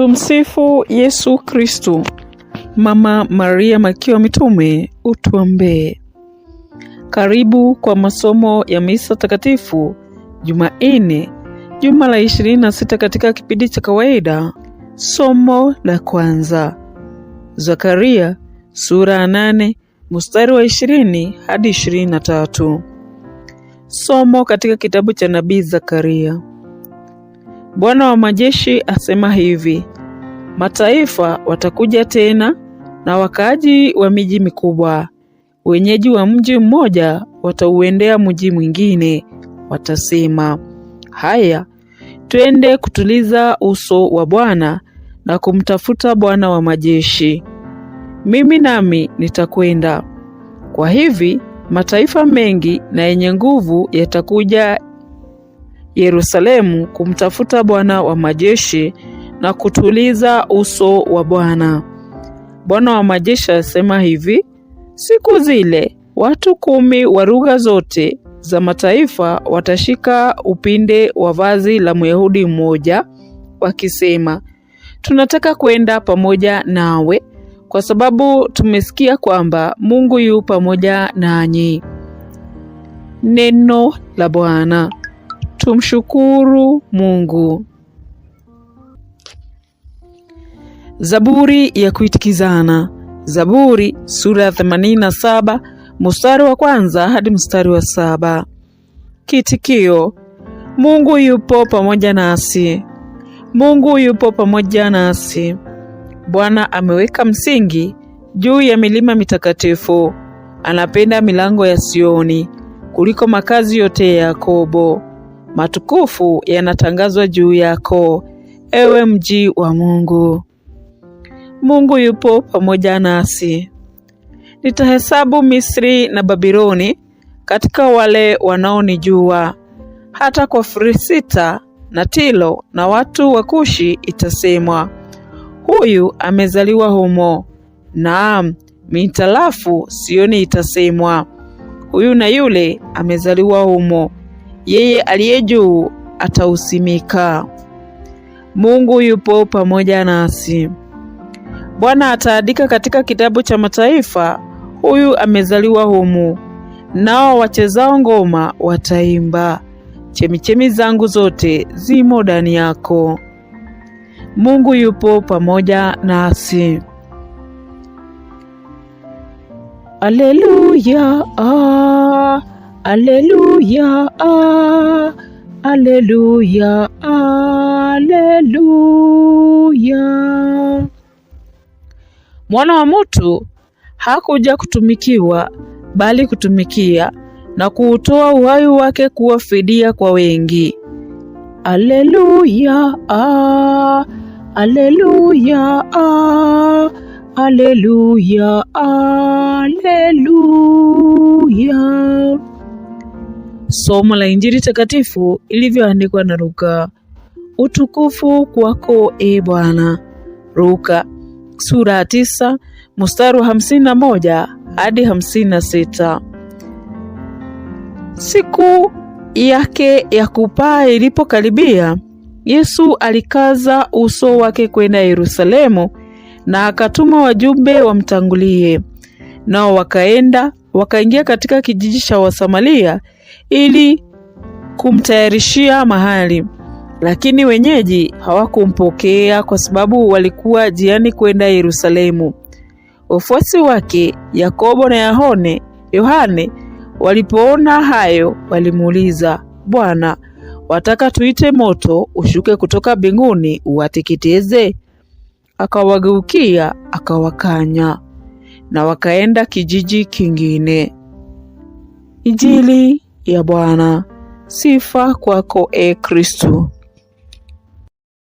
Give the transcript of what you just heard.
Tumsifu Yesu Kristu. Mama Maria Malkia wa Mitume, utuombee. Karibu kwa masomo ya misa takatifu Jumanne, juma la 26 katika kipindi cha kawaida. Somo la kwanza, Zakaria sura ya 8 mstari wa 20 hadi 23. Somo katika kitabu cha nabii Zakaria. Bwana wa majeshi asema hivi: Mataifa watakuja tena na wakaaji wa miji mikubwa, wenyeji wa mji mmoja watauendea mji mwingine, watasema, haya twende kutuliza uso wa Bwana na kumtafuta Bwana wa majeshi. Mimi nami nitakwenda. Kwa hivi mataifa mengi na yenye nguvu yatakuja Yerusalemu kumtafuta Bwana wa majeshi na kutuliza uso wa Bwana. Bwana wa majeshi asema hivi: siku zile watu kumi wa lugha zote za mataifa watashika upinde wa vazi la Myahudi mmoja, wakisema, tunataka kwenda pamoja nawe, kwa sababu tumesikia kwamba Mungu yu pamoja nanyi. Neno la Bwana. Tumshukuru Mungu. Zaburi ya kuitikizana. Zaburi sura ya 87 mstari wa kwanza hadi mstari wa saba. Kitikio: Mungu yupo pamoja nasi. Mungu yupo pamoja nasi. Bwana ameweka msingi juu ya milima mitakatifu. Anapenda milango ya Sioni kuliko makazi yote ya Yakobo. Matukufu yanatangazwa juu yako, ewe mji wa Mungu. Mungu yupo pamoja nasi. Nitahesabu Misri na Babiloni katika wale wanaonijua. Hata kwa Filisita na tilo na watu wa Kushi itasemwa, huyu amezaliwa humo. Naam, mitalafu Sioni itasemwa, huyu na yule amezaliwa humo, yeye aliye juu atausimika. Mungu yupo pamoja nasi. Bwana ataandika katika kitabu cha mataifa, huyu amezaliwa humu. Nao wachezao ngoma wataimba, chemichemi zangu zote zimo ndani yako. Mungu yupo pamoja nasi. Aleluya, ah, aleluya, ah, aleluya, aleluya. Mwana wa mutu hakuja kutumikiwa, bali kutumikia na kuutoa uhai wake kuwa fidia kwa wengi. Aleluya, ah, aleluya, ah, aleluya, aleluya. Somo la Injili takatifu ilivyoandikwa na Luka. Utukufu kwako, e Bwana. Luka sura ya tisa mstari wa hamsini na moja hadi hamsini na sita. Siku yake ya kupaa ilipokaribia, Yesu alikaza uso wake kwenda Yerusalemu na akatuma wajumbe wamtangulie. Nao wakaenda wakaingia katika kijiji cha Wasamaria ili kumtayarishia mahali lakini wenyeji hawakumpokea kwa sababu walikuwa jiani kwenda Yerusalemu. Wafuasi wake Yakobo na Yohane Yohane walipoona hayo, walimuuliza Bwana, wataka tuite moto ushuke kutoka mbinguni uwateketeze? Akawageukia akawakanya, na wakaenda kijiji kingine. Injili ya Bwana. Sifa kwako, e Kristo.